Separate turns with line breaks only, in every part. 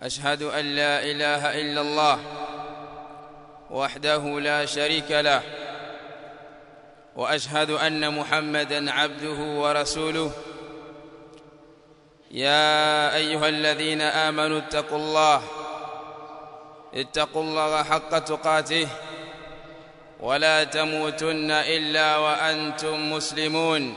أشهد أن لا إله إلا الله وحده لا شريك له وأشهد أن محمدا عبده ورسوله يا أيها الذين آمنوا اتقوا الله اتقوا الله حق تقاته ولا تموتن إلا وأنتم مسلمون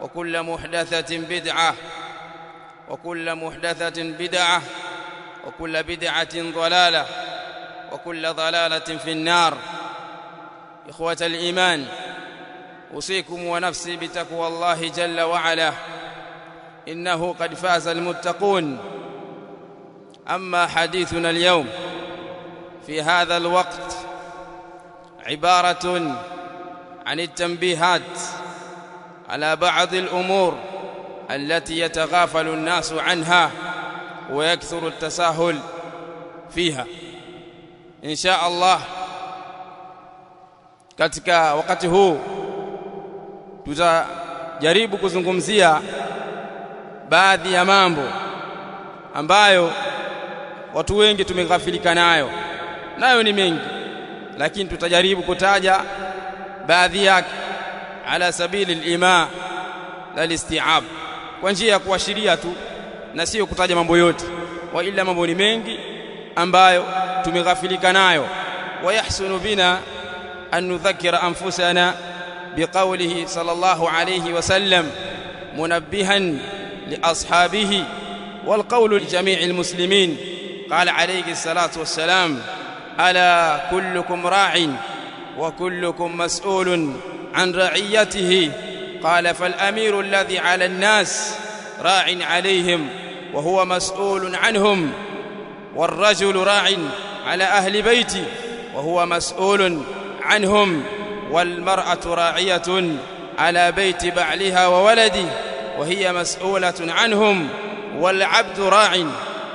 وكل محدثة بدعة وكل محدثة بدعة وكل بدعة ضلالة وكل ضلالة في النار إخوة الإيمان أوصيكم ونفسي بتقوى الله جل وعلا إنه قد فاز المتقون أما حديثنا اليوم في هذا الوقت عبارة عن التنبيهات على بعض الأمور التي يتغافل الناس عنها ويكثر التساهل فيها إن شاء الله katika wakati huu tutajaribu kuzungumzia baadhi ya mambo ambayo watu wengi tumeghafilika nayo nayo ni mengi lakini tutajaribu kutaja baadhi yake على سبيل الإيماء للاستيعاب la listi'ab شرية njia كتاج kuashiria tu na sio kutaja mambo yote ويحسن بنا أن نذكر أنفسنا بقوله صلى الله عليه وسلم منبها لأصحابه والقول لجميع المسلمين قال عليه الصلاة والسلام ألا كلكم راع وكلكم مسؤول عن رعيته قال فالأمير الذي على الناس راع عليهم وهو مسؤول عنهم والرجل راع على أهل بيتي وهو مسؤول عنهم والمرأة راعية على بيت بعلها وولدي وهي مسؤولة عنهم والعبد راع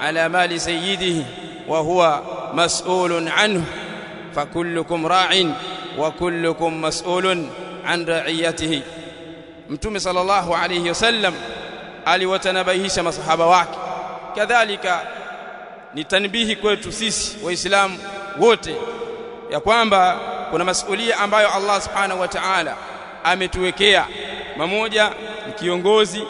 على مال سيده وهو مسؤول عنه فكلكم راع وكلكم مسؤول an raiyatihi mtume sallallahu alayhi wasallam aliwatanabaihisha masahaba wake kadhalika ni tanbihi kwetu sisi waislamu wote ya kwamba kuna masulia ambayo Allah subhanahu wa ta'ala ametuwekea mamoja ni kiongozi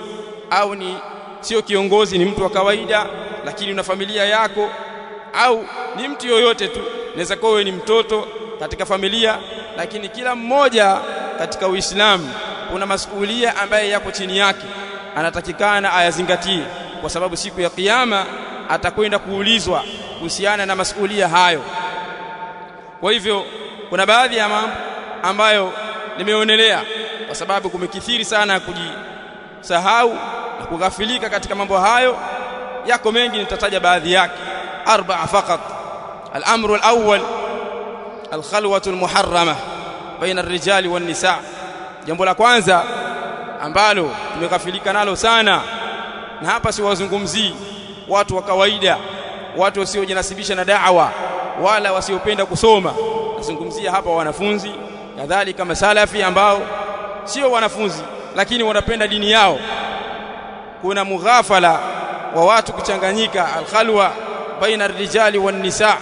au ni sio kiongozi ni mtu wa kawaida lakini una familia yako au ni mtu yoyote tu naweza kuwa ni mtoto katika familia lakini kila mmoja katika Uislamu kuna masuhulia ambaye yako chini yake anatakikana ayazingatie kwa sababu siku ya kiyama atakwenda kuulizwa kuhusiana na masuhulia hayo. Kwa hivyo kuna baadhi ya mambo ambayo nimeonelea kwa sababu kumekithiri sana kujisahau na kughafilika katika mambo hayo. Yako mengi, nitataja baadhi yake arbaa fakat. Al-amru al-awwal al-khalwatu al-muharrama baina rijali wan nisa. Jambo la kwanza ambalo tumekafilika nalo sana, na hapa siwazungumzii watu wa kawaida, watu wasiojinasibisha na da'wa wala wasiopenda kusoma. Nazungumzia hapa wanafunzi kadhalika masalafi ambao sio wanafunzi lakini wanapenda dini yao. Kuna mughafala wa watu kuchanganyika, alkhalwa baina rijali wan nisa,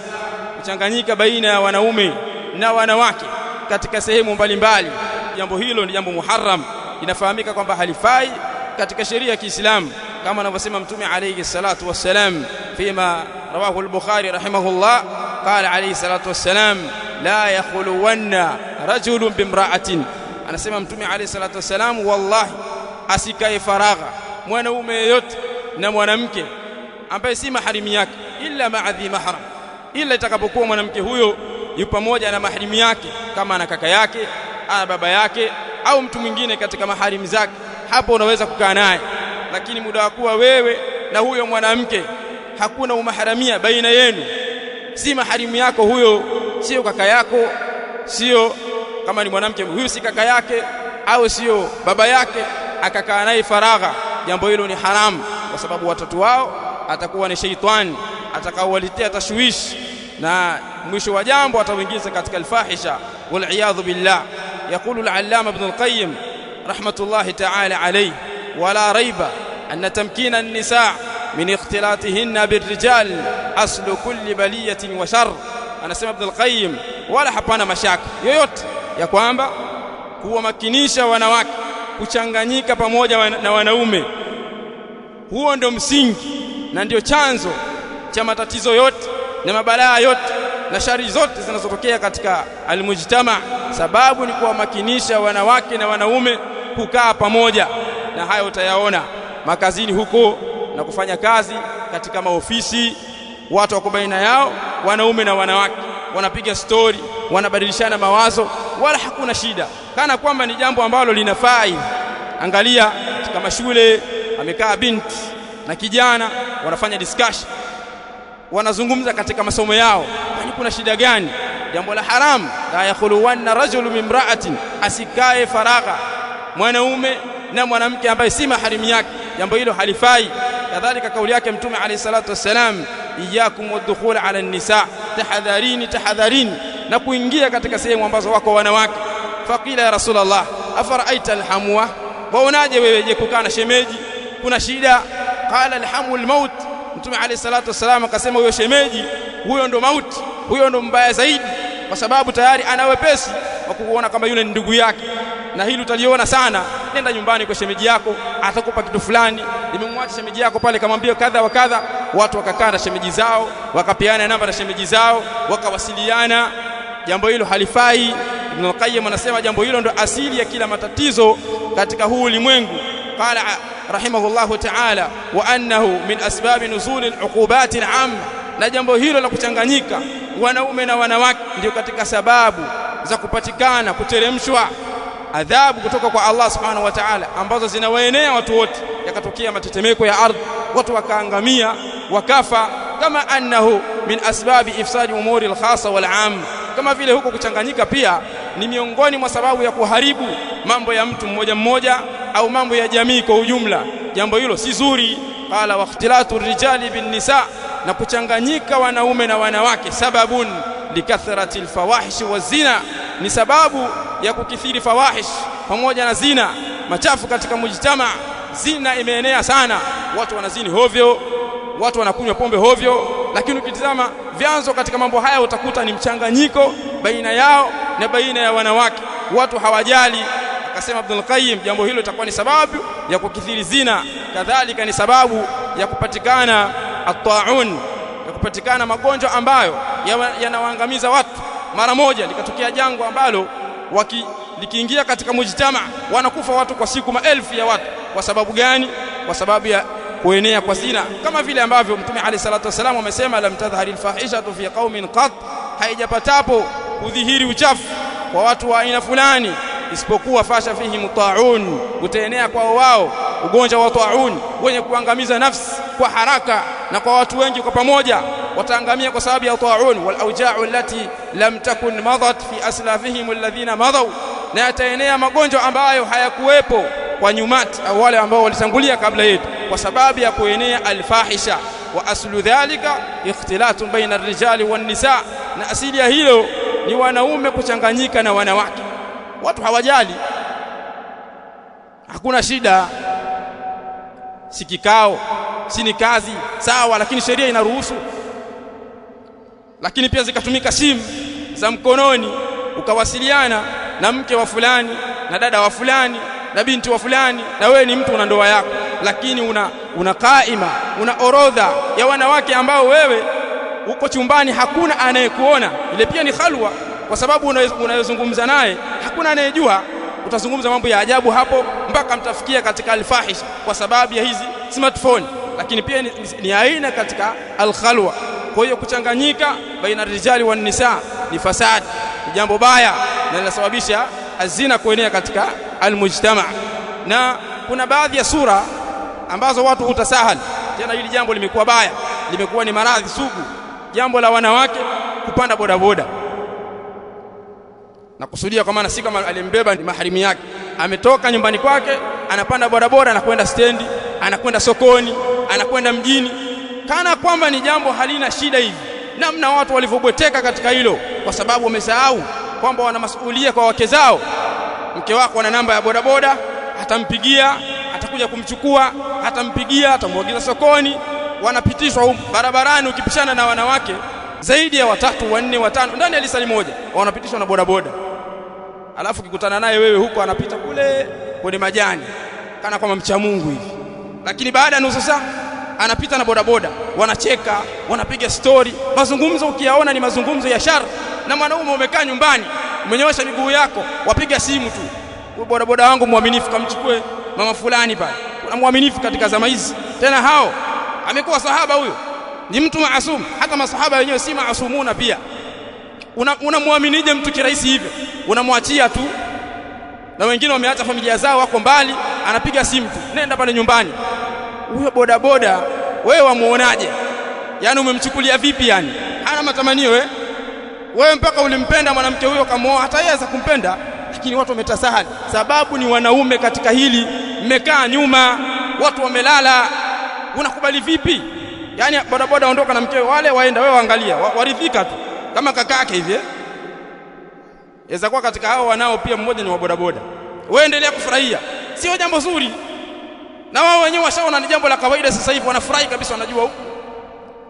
kuchanganyika baina ya wanaume na wanawake katika sehemu mbalimbali jambo hilo ni jambo muharram inafahamika kwamba halifai katika sheria ya Kiislamu kama anavyosema mtume alayhi salatu wassalam fima rawahu al-Bukhari rahimahullah qala alayhi salatu wassalam la yakhuluwanna rajulun bimra'atin anasema mtume alayhi salatu wassalam wallahi asikae faragha mwanaume yeyote na mwanamke ambaye si maharimu yake illa ma'adhi mahram ila itakapokuwa mwanamke huyo yu pamoja na maharimu yake kama na kaka yake ana baba yake au mtu mwingine katika maharimu zake hapo unaweza kukaa naye lakini muda wa kuwa wewe na huyo mwanamke hakuna umaharamia baina yenu si maharimu yako huyo sio kaka yako sio kama ni mwanamke huyu si kaka yake au sio baba yake akakaa naye faragha jambo hilo ni haramu kwa sababu watoto wao atakuwa ni sheitani atakaowaletea tashwishi na mwisho wa jambo atauingiza katika alfahisha waliyadhu billah يقول العلامة ابن القيم رحمة الله تعالى عليه ولا ريب أن تمكين النساء من اختلاطهن بالرجال أصل كل بلية وشر anasema Ibn al-Qayyim wala hapana mashaka yoyote ya kwamba kuwamakinisha wanawake kuchanganyika pamoja na wanaume huo ndio msingi na ndio chanzo cha matatizo yote na mabalaa yote na shari zote zinazotokea katika almujtama. Sababu ni kuwamakinisha wanawake na wanaume kukaa pamoja, na hayo utayaona makazini huko na kufanya kazi katika maofisi. Watu wako baina yao wanaume na wanawake, wanapiga stori, wanabadilishana mawazo, wala hakuna shida, kana kwamba ni jambo ambalo linafai. Angalia katika mashule, amekaa binti na kijana wanafanya discussion wanazungumza katika masomo yao, kwani kuna shida gani? Jambo la haramu, la yakhuluwanna rajulu mimraatin mra'atin, asikae faragha mwanaume na mwanamke ambaye si maharimu yake, jambo hilo halifai. Kadhalika kauli yake Mtume alayhi salatu wassalam, iyakum wadkhul ala nisa, tahadharini tahadharini na kuingia katika sehemu ambazo wako wanawake. Faqila ya Rasulullah, afaraaita alhamwa, waonaje wewe, je kukaa na shemeji kuna shida? Qala alhamu almaut Mtume alayhi salatu wassalam akasema, huyo shemeji huyo ndo mauti, huyo ndo mbaya zaidi, kwa sababu tayari ana wepesi wa kuona kama yule ni ndugu yake. Na hili utaliona sana. Nenda nyumbani kwa shemeji yako, atakupa kitu fulani. Nimemwacha shemeji yako pale, kamwambia kadha wa kadha, watu wakakaa na shemeji zao, wakapeana namba na shemeji zao, wakawasiliana. Jambo hilo halifai. Ibn al-Qayyim anasema jambo hilo ndo asili ya kila matatizo katika huu ulimwengu. qala رحمه ta'ala wa وانه min asbabi nuzuli العقوبات uqubati لا جambo na jambo hilo la kuchanganyika wanaume na wanawake ndio katika sababu za kupatikana kuteremshwa adhabu kutoka kwa Allah subhanahu wa ta'ala, ambazo zinawaenea watu wote, yakatokea matetemeko ya ardhi, watu wakaangamia, wakafa. Kama annahu min asbabi ifsadi umuri al-khassa wal kama vile huko kuchanganyika pia ni miongoni mwa sababu ya kuharibu mambo ya mtu mmoja mmoja au mambo ya jamii kwa ujumla jambo hilo si zuri qala waqtilatu rijali bin nisa na kuchanganyika wanaume na wanawake sababun likathrati alfawahish wazina ni sababu ya kukithiri fawahish pamoja na zina machafu katika mujtama zina imeenea sana watu wanazini hovyo watu wanakunywa pombe hovyo lakini ukitizama vyanzo katika mambo haya utakuta ni mchanganyiko baina yao na baina ya wanawake watu hawajali Akasema Ibnul Qayyim, jambo hilo litakuwa ni sababu ya kukithiri zina, kadhalika ni sababu ya kupatikana ataun, ya kupatikana magonjwa ambayo yanawaangamiza ya watu mara moja. Likatokea jangwa ambalo waki likiingia katika mujtama, wanakufa watu kwa siku maelfu ya watu. Kwa sababu gani? Kwa sababu ya kuenea kwa zina, kama vile ambavyo Mtume alayhi salatu wasallam amesema, lam tadhhari lfahishatu fi qaumin qat, haijapatapo kudhihiri uchafu kwa watu wa aina fulani isipokuwa fasha fihim taun, utaenea kwao wao ugonjwa wa taun wenye kuangamiza nafsi kwa haraka na kwa watu wengi kwa pamoja wataangamia kwa sababu ya taun. Wal auja'u allati lam takun madat fi aslafihim alladhina madaw, na yataenea magonjwa ambayo hayakuwepo kwa nyumati au wale ambao walitangulia kabla yetu kwa sababu ya kuenea alfahisha wa aslu dhalika ikhtilatun baina arrijali wan nisa, na asili ya hilo ni wanaume kuchanganyika na wanawake watu hawajali, hakuna shida, si kikao, si ni kazi sawa, lakini sheria inaruhusu. Lakini pia zikatumika simu za mkononi, ukawasiliana na mke wa fulani na dada wa fulani na binti wa fulani, na wewe ni mtu una ndoa yako, lakini una, una kaima una orodha ya wanawake ambao wewe uko chumbani, hakuna anayekuona. Ile pia ni khalwa kwa sababu unayozungumza naye hakuna anayejua. Utazungumza mambo ya ajabu hapo mpaka mtafikia katika alfahisha kwa sababu ya hizi smartphone, lakini pia ni, ni, ni aina katika alkhalwa. Kwa hiyo kuchanganyika baina rijali wa nisa ni fasadi, ni jambo baya na linasababisha azina kuenea katika almujtama, na kuna baadhi ya sura ambazo watu hutasahal tena. Hili jambo limekuwa baya, limekuwa ni maradhi sugu, jambo la wanawake kupanda bodaboda na kusudia, kwa maana si kama alimbeba ni maharimu yake. Ametoka nyumbani kwake, anapanda bodaboda, anakwenda stendi, anakwenda sokoni, anakwenda mjini, kana kwamba ni jambo halina shida hivi. Namna watu walivyobweteka katika hilo, kwa sababu wamesahau kwamba wana masuhulia kwa wake zao. Mke wako ana namba ya bodaboda, atampigia, atakuja kumchukua, atampigia, atamwagiza sokoni. Wanapitishwa barabarani, ukipishana na wanawake zaidi ya watatu, wanne, watano ndani ya lisali moja, wanapitishwa na bodaboda alafu ukikutana naye wewe huko anapita kule kwenye majani kana kwamba mcha Mungu hivi, lakini baada ya nusu saa anapita na bodaboda, wanacheka wanapiga stori, mazungumzo ukiyaona ni mazungumzo ya shar. Na mwanaume umekaa nyumbani umenyoosha miguu yako, wapiga simu tu, huyu bodaboda wangu mwaminifu, kamchukue mama fulani pale. Kuna mwaminifu katika zama hizi tena, hao amekuwa sahaba huyo, ni mtu maasumu. Hata masahaba wenyewe si maasumuna pia unamwaminije una mtu kirahisi hivyo unamwachia tu na wengine wameacha familia zao wako mbali anapiga simu tu nenda pale nyumbani huyo bodaboda wewe wamuonaje yani umemchukulia vipi yani hana matamanio eh wewe mpaka ulimpenda mwanamke huyo kamuoa hata yeye kumpenda lakini watu wametasahali sababu ni wanaume katika hili mmekaa nyuma watu wamelala unakubali vipi yani bodaboda ondoka na mkeo wale waenda wewe waangalia waridhika tu kama kaka yake hivi yaweza eh? kuwa katika hao wanao pia mmoja ni wa bodaboda wewe endelea kufurahia sio jambo zuri na wao wenyewe washaona ni jambo la kawaida sasa hivi wanafurahi kabisa wanajua huko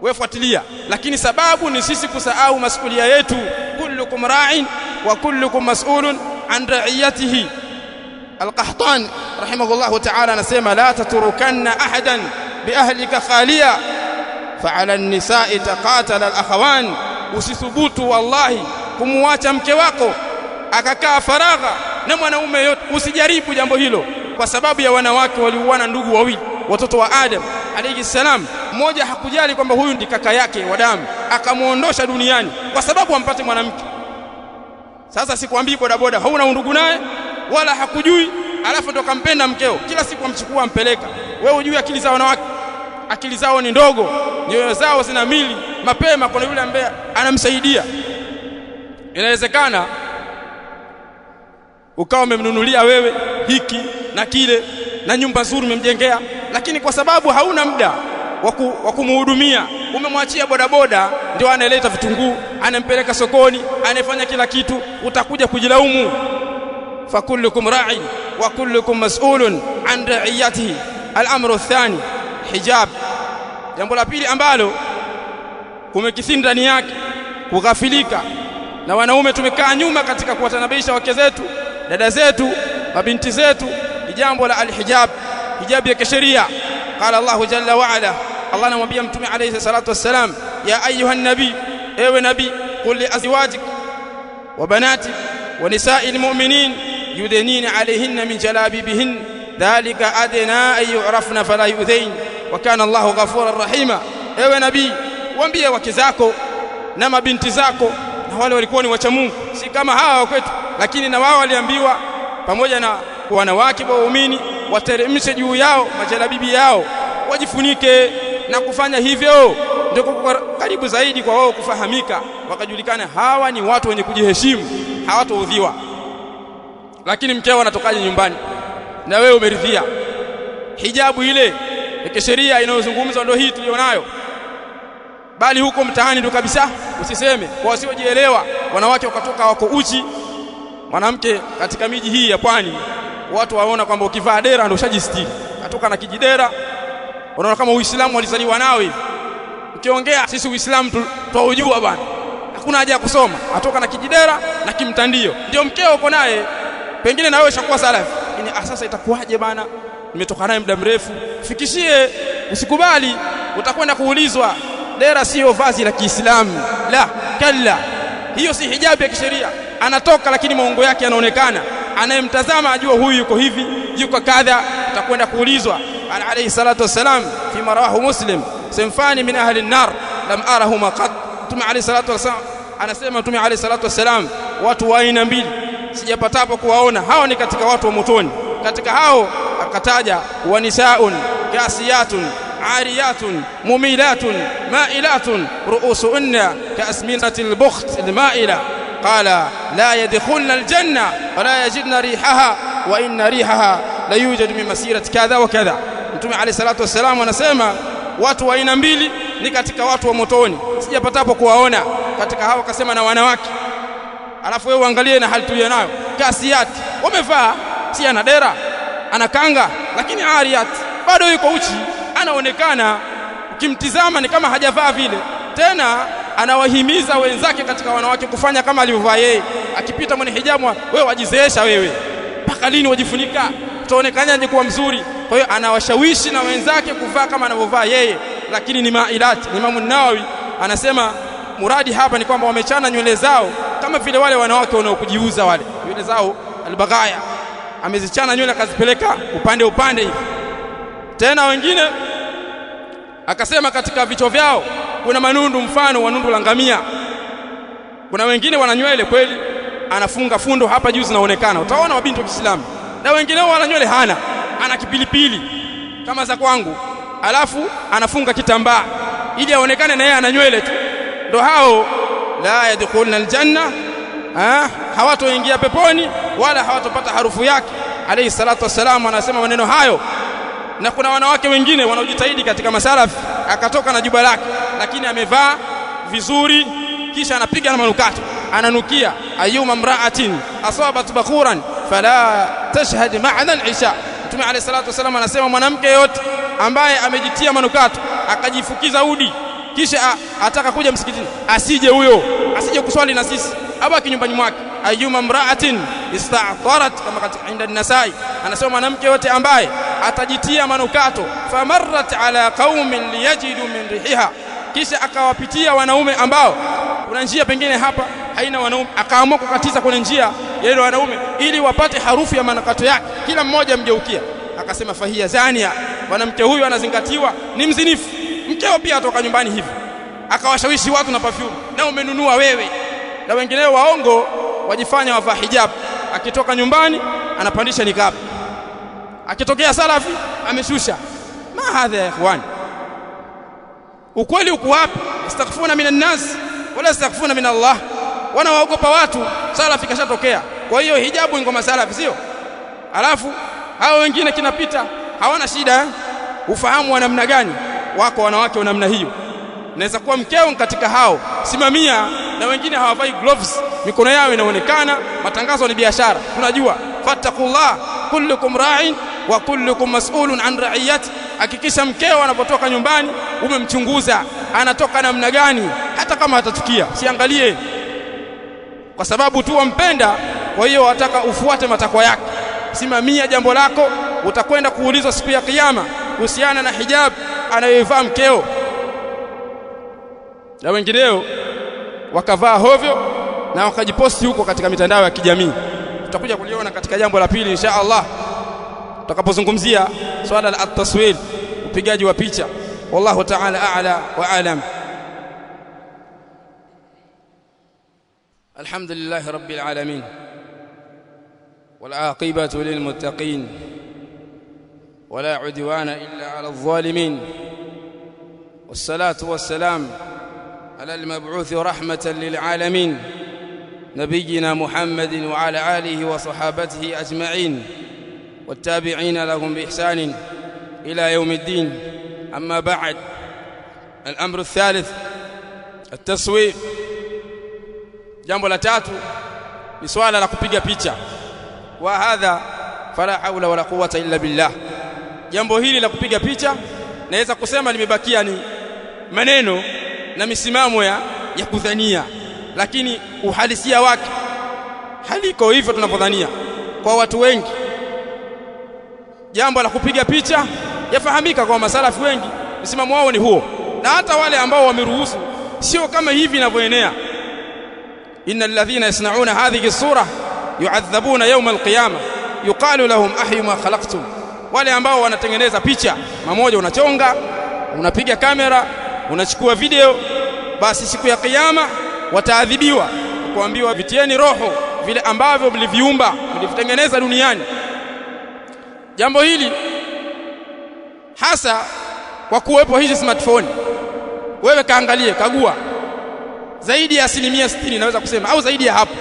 wewe fuatilia lakini sababu ni sisi kusahau masulia yetu kullukum ra'in wa kullukum mas'ulun an ra'iyatihi القحطان رحمه الله تعالى نسمى لا تتركن أحدا بأهلك خاليا فعلى النساء تقاتل الأخوان usithubutu wallahi kumuacha mke wako akakaa faragha na mwanaume yote, usijaribu jambo hilo, kwa sababu ya wanawake waliuana ndugu wawili, watoto wa Adam alayhi salam. Mmoja hakujali kwamba huyu ndi kaka yake wa damu, akamwondosha duniani kwa sababu ampate mwanamke. Sasa sikwambii bodaboda, hauna undugu naye wala hakujui, alafu ndo kampenda mkeo, kila siku amchukua ampeleka. Wewe ujui akili za wanawake akili zao ni ndogo, nyoyo zao zina mili. Mapema kuna yule ambaye anamsaidia. Inawezekana ukawa umemnunulia wewe hiki na kile na nyumba nzuri umemjengea, lakini kwa sababu hauna muda wa kumuhudumia umemwachia bodaboda, ndio anaeleta vitunguu, anampeleka sokoni, anayefanya kila kitu, utakuja kujilaumu. Fakullukum ra'in wa kullukum mas'ulun an ra'iyatihi. Al-amru ath-thani hijab. Jambo la pili ambalo kumekithiri ndani yake kughafilika, na wanaume tumekaa nyuma katika kuwatanabisha wake zetu, dada zetu, mabinti zetu, ni jambo la alhijab, hijab ya kisheria. Qala Allahu jalla wa ala, Allah anamwambia Mtume alayhi salatu wassalam, ya ayuha nabii, ewe nabii, qul li azwajik wa banati wa nisai lmuminin yudnina alayhinna min jalabibihin dhalika adna an fala yudhain wa kana Allahu ghafura rahima ewe nabii waambie wake zako na mabinti zako na wale walikuwa ni wacha Mungu si kama hawa wa kwetu lakini na wao waliambiwa pamoja na wanawake wa waumini wateremshe juu yao majalabibi yao wajifunike na kufanya hivyo ndio karibu zaidi kwa wao kufahamika wakajulikana hawa ni watu wenye kujiheshimu hawatoudhiwa lakini mkeo anatokaje nyumbani na wewe umeridhia hijabu ile ya kisheria inayozungumzwa ndio hii tulionayo bali huko mtaani ndio kabisa usiseme kwa wasiojielewa wanawake wakatoka wako uchi mwanamke katika miji hii ya pwani watu waona kwamba ukivaa dera ndio ushajistiri katoka na kijidera unaona kama uislamu walizaliwa nao hivi ukiongea sisi uislamu twaujua bwana hakuna haja ya kusoma atoka na kijidera na kimtandio ndio mkeo uko naye pengine na wewe shakuwa salafi lakini ah, sasa itakuwaje bana nimetoka naye muda mrefu, fikishie. Usikubali, utakwenda kuulizwa. Dera siyo vazi la Kiislamu, la kalla, hiyo si hijabu ya kisheria. Anatoka lakini maungo yake yanaonekana, anayemtazama ajua huyu yuko hivi, yuko kadha, utakwenda kuulizwa. Ana alayhi salatu wassalam fi marawahu Muslim, semfani min ahli nar lam arahuma qat. Mtume alayhi salatu wassalam anasema, Mtume alayhi salatu wassalam, watu wa aina mbili sijapatapo kuwaona, hao ni katika watu wa motoni, katika hao akataja wanisaun kasiyatun ariyatun mumilatun mailatun ruusunna kaasminatil bukht almaila قال لا يدخلن الجنة ولا يجدن ريحها وإن ريحها لا يوجد من مسيرة كذا وكذا Mtume عليه الصلاة والسلام anasema watu wa aina mbili ni katika watu wa motoni sijapatapo kuwaona katika hao akasema na wanawake alafu wewe uangalie na hali tuliyo nayo kasiati wamevaa si ana dera anakanga, lakini ariat bado yuko uchi, anaonekana ukimtizama ni kama hajavaa vile. Tena anawahimiza wenzake katika wanawake kufanya kama alivyovaa yeye, akipita mwenye hijabu, wewe wajizeesha wewe, mpaka lini wajifunika? ni kuwa mzuri? Kwa hiyo anawashawishi na wenzake kuvaa kama anavyovaa yeye, lakini ni mailati. Imamu Nawawi anasema muradi hapa ni kwamba wamechana nywele zao kama vile wale wanawake wanaokujiuza wale nywele zao albaghaya amezichana nywele akazipeleka upande upande hivi. Tena wengine akasema katika vichwa vyao kuna manundu mfano wa nundu la ngamia. Kuna wengine wana nywele kweli, anafunga fundo hapa juu zinaonekana, utaona mabinti wa Kiislamu, na wengine wana nywele hana, ana kipilipili kama za kwangu, alafu anafunga kitambaa ili aonekane na yeye ana nywele tu. Ndo hao la yadkhuluna aljanna ah, hawatoingia peponi wala hawatopata harufu yake alayhi salatu wassalam anasema maneno hayo na kuna wanawake wengine wanaojitahidi katika masalafi akatoka na juba lake lakini amevaa vizuri kisha anapiga na manukato ananukia ayuma mraatin asabat bakhuran fala tashhad ma'ana al-isha Mtume alayhi salatu wasallam anasema mwanamke yote ambaye amejitia manukato akajifukiza udi kisha ataka kuja msikitini asije huyo asije kuswali na sisi abaki nyumbani mwake ayuma mraatin ista'tarat kama katika inda nasai anasema mwanamke yote ambaye atajitia manukato famarrat ala qaumin liyajidu min rihiha kisha akawapitia wanaume ambao kuna njia pengine hapa haina wanaume akaamua kukatiza kwenye njia ile wanaume ili wapate harufu ya manukato yake kila mmoja mgeukia akasema fahia zania mwanamke huyu anazingatiwa ni mzinifu mkeo pia atoka nyumbani hivi akawashawishi watu na perfume na umenunua wewe na wengineo waongo wajifanya wavaa hijabu, akitoka nyumbani anapandisha nikabu, akitokea salafi ameshusha. Ma hadha ya ikhwan ukweli uko wapi? Astaghfuna minan nas wala astaghfuna min Allah, wana waogopa watu. Salafi kashatokea, kwa hiyo hijabu ingoma salafi, sio alafu hao wengine kinapita, hawana shida. Eh? Ufahamu wa namna gani? Wako wanawake wa namna hiyo, naweza kuwa mkeo katika hao, simamia na wengine hawavai gloves, mikono yao inaonekana. Matangazo ni biashara, tunajua. Fattakullah, kullukum ra'in wa kullukum mas'ulun an ra'iyati. Hakikisha mkeo anapotoka nyumbani umemchunguza anatoka namna gani, hata kama atatukia siangalie kwa sababu tu wampenda. Kwa hiyo wataka ufuate matakwa yake, simamia jambo lako, utakwenda kuulizwa siku ya Kiyama kuhusiana na hijab anayoivaa mkeo na wengineo. wakavaa hovyo na wakajiposti huko katika mitandao ya kijamii. Tutakuja kuliona katika jambo la pili insha Allah tutakapozungumzia swala la at taswil upigaji wa picha. Wallahu ta'ala a'la wa a'lam. alhamdulillah الحمد لله رب العالمين والعاقبة للمتقين ولا عدوان إلا على الظالمين والصلاة والسلام على المبعوث رحمة للعالمين نبينا محمد وعلى آله وصحابته أجمعين والتابعين لهم بإحسان إلى يوم الدين أما بعد الأمر الثالث التصوير جنب لتاتو بسؤال لقبيجا بيتشا وهذا فلا حول ولا قوة إلا بالله جنب هيري لقبيجا بيتشا نيزا قسيما لمباكياني منينو na misimamo ya, ya kudhania, lakini uhalisia wake haliko hivyo tunavyodhania kwa watu wengi. Jambo la kupiga picha yafahamika kwa masalafu wengi, msimamo wao ni huo, na hata wale ambao wameruhusu sio kama hivi inavyoenea. inna ladhina yasnauna hadhihi sura yuadhabuna yawma alqiyama yuqalu lahum ahyu ma khalaqtum, wale ambao wanatengeneza picha mamoja, unachonga unapiga kamera unachukua video, basi siku ya Kiyama wataadhibiwa kuambiwa, vitieni roho vile ambavyo mliviumba mlivitengeneza duniani. Jambo hili hasa kwa kuwepo hizi smartphone, wewe kaangalie, kagua, zaidi ya asilimia sitini naweza kusema au zaidi ya hapo,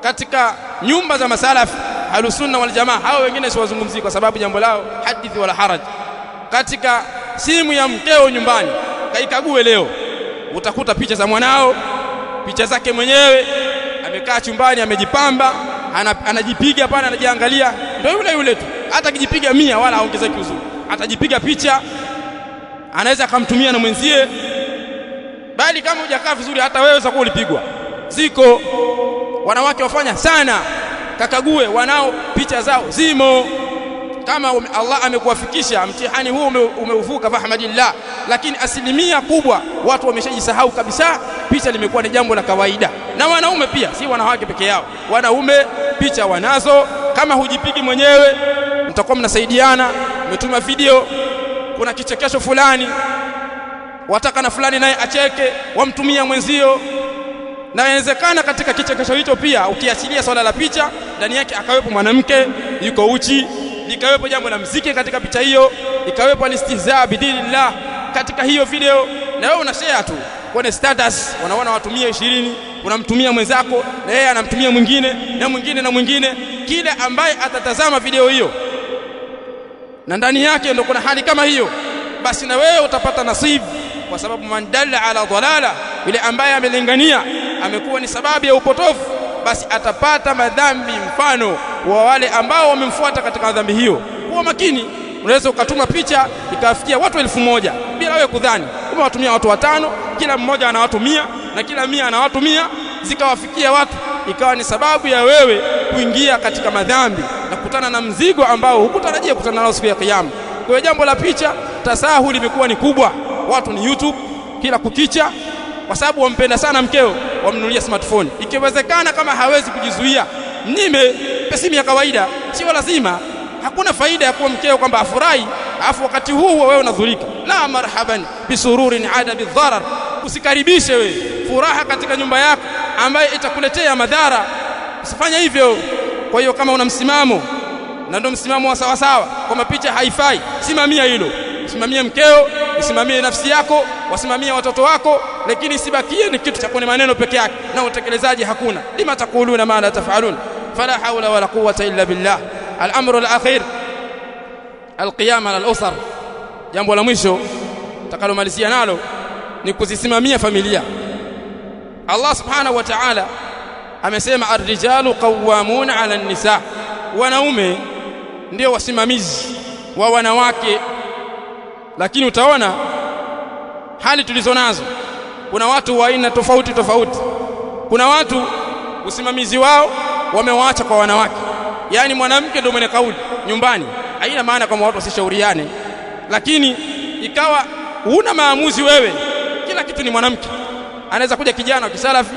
katika nyumba za masalafi ahlusunna wal jamaa, hao wengine siwazungumzii kwa sababu jambo lao hadithi wala haraj katika simu ya mkeo nyumbani kaikague leo, utakuta picha za mwanao, picha zake mwenyewe, amekaa chumbani amejipamba, anajipiga pana, anajiangalia, ndio yule yule tu. Hata akijipiga mia wala aongezeki uzuri, atajipiga picha, anaweza akamtumia na mwenzie. Bali kama hujakaa vizuri, hata wewe za ulipigwa. Ziko wanawake wafanya sana, kakague wanao, picha zao zimo kama Allah amekuwafikisha mtihani huu umeuvuka, fahmadillah. Lakini asilimia kubwa watu wameshajisahau kabisa, picha limekuwa ni jambo la kawaida, na wanaume pia, si wanawake peke yao. Wanaume picha wanazo, kama hujipigi mwenyewe mtakuwa mnasaidiana, umetuma video, kuna kichekesho fulani, wataka na fulani naye acheke, wamtumia mwenzio na inawezekana katika kichekesho hicho pia, ukiachilia swala la picha, ndani yake akawepo mwanamke yuko uchi ikawepo jambo la mziki katika picha hiyo, ikawepo alistihzaa bidinillah katika hiyo video, na wewe una share tu kwenye status, wanaona watumia ishirini, unamtumia mwenzako na yeye anamtumia mwingine na mwingine na mwingine, kila ambaye atatazama video hiyo na ndani yake ndo kuna hali kama hiyo, basi na wewe utapata nasibu, kwa sababu man dalla ala dhalala, yule ambaye amelingania amekuwa ni sababu ya upotofu basi atapata madhambi mfano wa wale ambao wamemfuata katika madhambi hiyo. Kuwa makini, unaweza ukatuma picha ikawafikia watu elfu moja bila wewe kudhani. Umewatumia watu watano, kila mmoja ana watu mia na kila mia ana watu mia, zikawafikia watu, ikawa ni sababu ya wewe kuingia katika madhambi na kukutana na mzigo ambao hukutarajia kukutana nao siku ya Kiyama. Kwa jambo la picha, tasahu imekuwa ni kubwa, watu ni YouTube kila kukicha, kwa sababu wampenda sana mkeo wamnunulia smartphone. Ikiwezekana kama hawezi kujizuia, mnyime simu ya kawaida, sio lazima. Hakuna faida ya kuwa mkeo kwamba afurahi afu wakati huo wewe unadhurika. La marhaban bisururin ada bidharar, usikaribishe wewe furaha katika nyumba yako ambayo itakuletea madhara, usifanya hivyo. Kwa hiyo kama una msimamo na ndio msimamo wa sawasawa kwamba picha haifai, simamia hilo, simamie mkeo, usimamie nafsi yako, wasimamie watoto wako, lakini sibakie ni kitu cha kwenye maneno peke yake na utekelezaji hakuna lima taquluna ma la tafalun fala haula wala quwwata illa billah al-amru al-akhir al-qiyam al-usar jambo la mwisho takalomalizia nalo ni kuzisimamia familia Allah subhanahu wa ta'ala amesema ar-rijalu qawwamun 'ala an-nisa wanaume ndio wasimamizi wa wanawake lakini utaona hali tulizo nazo kuna watu wa aina tofauti tofauti kuna watu usimamizi wao wamewaacha kwa wanawake yaani mwanamke ndio mwenye kauli nyumbani haina maana kwamba watu wasishauriane lakini ikawa huna maamuzi wewe kila kitu ni mwanamke anaweza kuja kijana wa kisalafi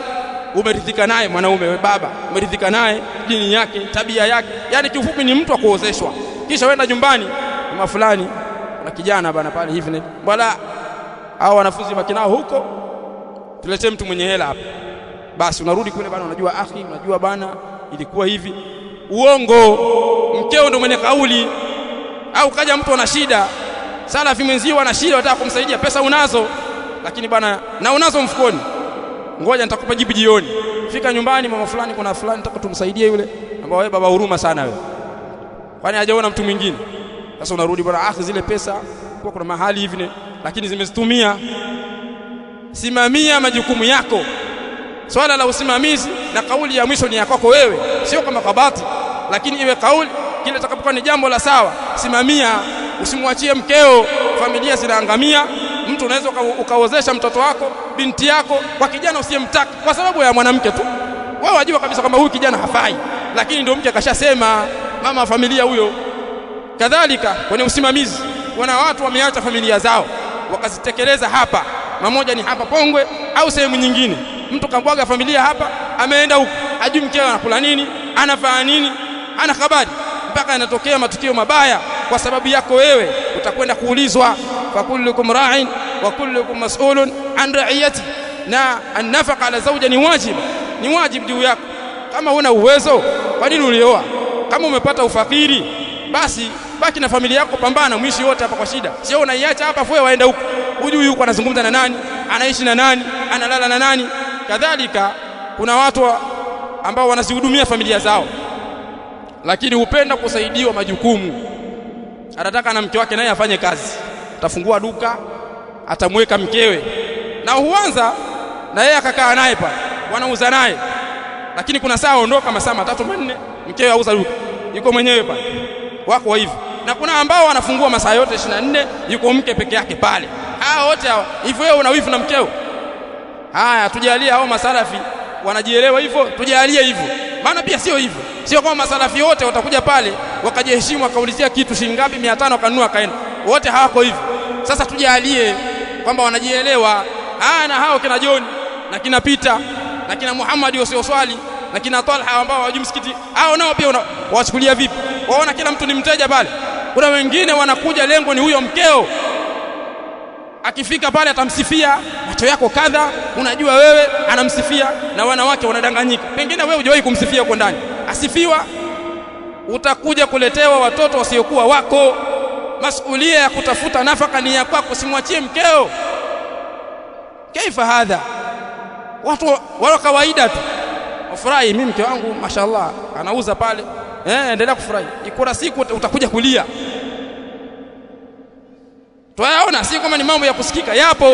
umeridhika naye mwanaume we baba umeridhika naye dini yake tabia yake yani kiufupi ni mtu wa kuozeshwa kisha wenda nyumbani kama fulani kuna kijana bana pale hivi bwana hao wanafunzi makinao huko tuletee mtu mwenye hela hapa. Basi unarudi kule bana, unajua akhi, unajua bana, ilikuwa hivi. Uongo, mkeo ndo mwenye kauli. Au kaja mtu ana shida, salafi mwenzio ana shida, wataka kumsaidia, pesa unazo, lakini bana, na unazo mfukoni, ngoja nitakupa jibu jioni. Fika nyumbani, mama fulani, kuna fulani nataka tumsaidie yule, ambao wewe baba huruma sana wewe, kwani hajaona mtu mwingine. Sasa unarudi bwana, akhi, zile pesa kwa kuna mahali hivi, lakini zimezitumia simamia majukumu yako. Swala la usimamizi na kauli ya mwisho ni ya kwako wewe, sio kama kabati, lakini iwe kauli kile takapokuwa ni jambo la sawa, simamia, usimwachie mkeo. Familia zinaangamia. Mtu unaweza ukaozesha mtoto wako, binti yako, kwa kijana usiyemtaka kwa sababu ya mwanamke tu. Wewe wajua kabisa kwamba huyu kijana hafai, lakini ndio mke akashasema, mama wa familia huyo. Kadhalika kwenye usimamizi, wana watu wameacha familia zao wakazitekeleza hapa na moja ni hapa Pongwe au sehemu nyingine. Mtu kabwaga familia hapa, ameenda huko, ajui mkewe anakula nini, anafanya nini, ana habari, mpaka yanatokea matukio mabaya kwa sababu yako wewe. Utakwenda kuulizwa, fa kullukum ra'in wa kullukum mas'ulun an ra'iyati, na annafaka ala zauja ni wajib, ni wajib juu yako. Kama huna uwezo, kwa nini ulioa? Kama umepata ufakiri, basi baki na familia yako, pambana, mwishi wote hapa kwa shida, sio unaiacha hapa fue waenda huko, hujui huko anazungumza na nani, anaishi na nani, analala na nani. Kadhalika kuna watu wa ambao wanazihudumia familia zao, lakini hupenda kusaidiwa majukumu. Anataka na mke wake naye afanye kazi, atafungua duka, atamweka mkewe, na huanza na yeye akakaa naye pale, wanauza naye, lakini kuna saa aondoka masaa matatu manne, mkewe auza duka, yuko mwenyewe pale, wako hivi na kuna ambao wanafungua masaa yote 24 yuko mke peke yake pale. hao wote hao hivyo, wewe una wivu na mkeo? Haya, tujalie hao masalafi wanajielewa hivyo, tujalie hivyo, maana pia sio hivyo, sio kama masalafi wote watakuja pale wakajiheshimu wakaulizia kitu shilingi ngapi, 500 kanunua kaenda, wote hawako hivyo. Sasa tujalie kwamba wanajielewa. haya na hao kina John na kina Peter na kina Muhammad swali na kina Talha ambao hawajui msikiti, hao nao pia wachukulia vipi? Waona kila mtu ni mteja pale. Kuna wengine wanakuja, lengo ni huyo mkeo. Akifika pale atamsifia, macho yako kadha, unajua wewe, anamsifia na wanawake wanadanganyika. Pengine wewe hujawahi kumsifia huko ndani, asifiwa. Utakuja kuletewa watoto wasiokuwa wako. masuulia ya kutafuta nafaka ni ya kwako, simwachie mkeo. Kaifa hadha, watu wa kawaida tu Ufurahi, mimi mke wangu mashallah anauza pale eh, endelea kufurahi. ikura siku utakuja kulia. Twayaona, si kama ni mambo ya kusikika, yapo.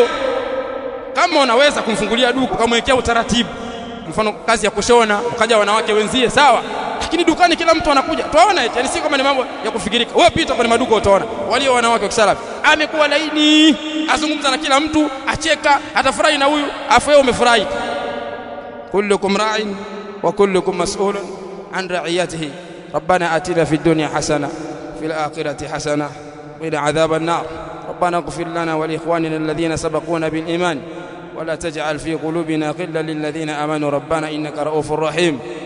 Kama unaweza kumfungulia duka ukamwekea utaratibu, mfano kazi ya kushona, ukaja wanawake wenzie, sawa. Lakini dukani kila mtu anakuja, twaona eti, yani si kama ni mambo ya kufikirika. Wewe pita kwenye maduka utaona walio wanawake wakisalafi, amekuwa laini, azungumza na kila mtu, acheka, atafurahi na huyu, afu wewe umefurahi. كلكم راع وكلكم مسؤول عن رعيته ربنا آتنا في الدنيا حسنة في الآخرة حسنة وإلى عذاب النار ربنا اغفر لنا ولإخواننا الذين سبقونا بالإيمان ولا تجعل في قلوبنا غلا للذين آمنوا ربنا إنك رؤوف رحيم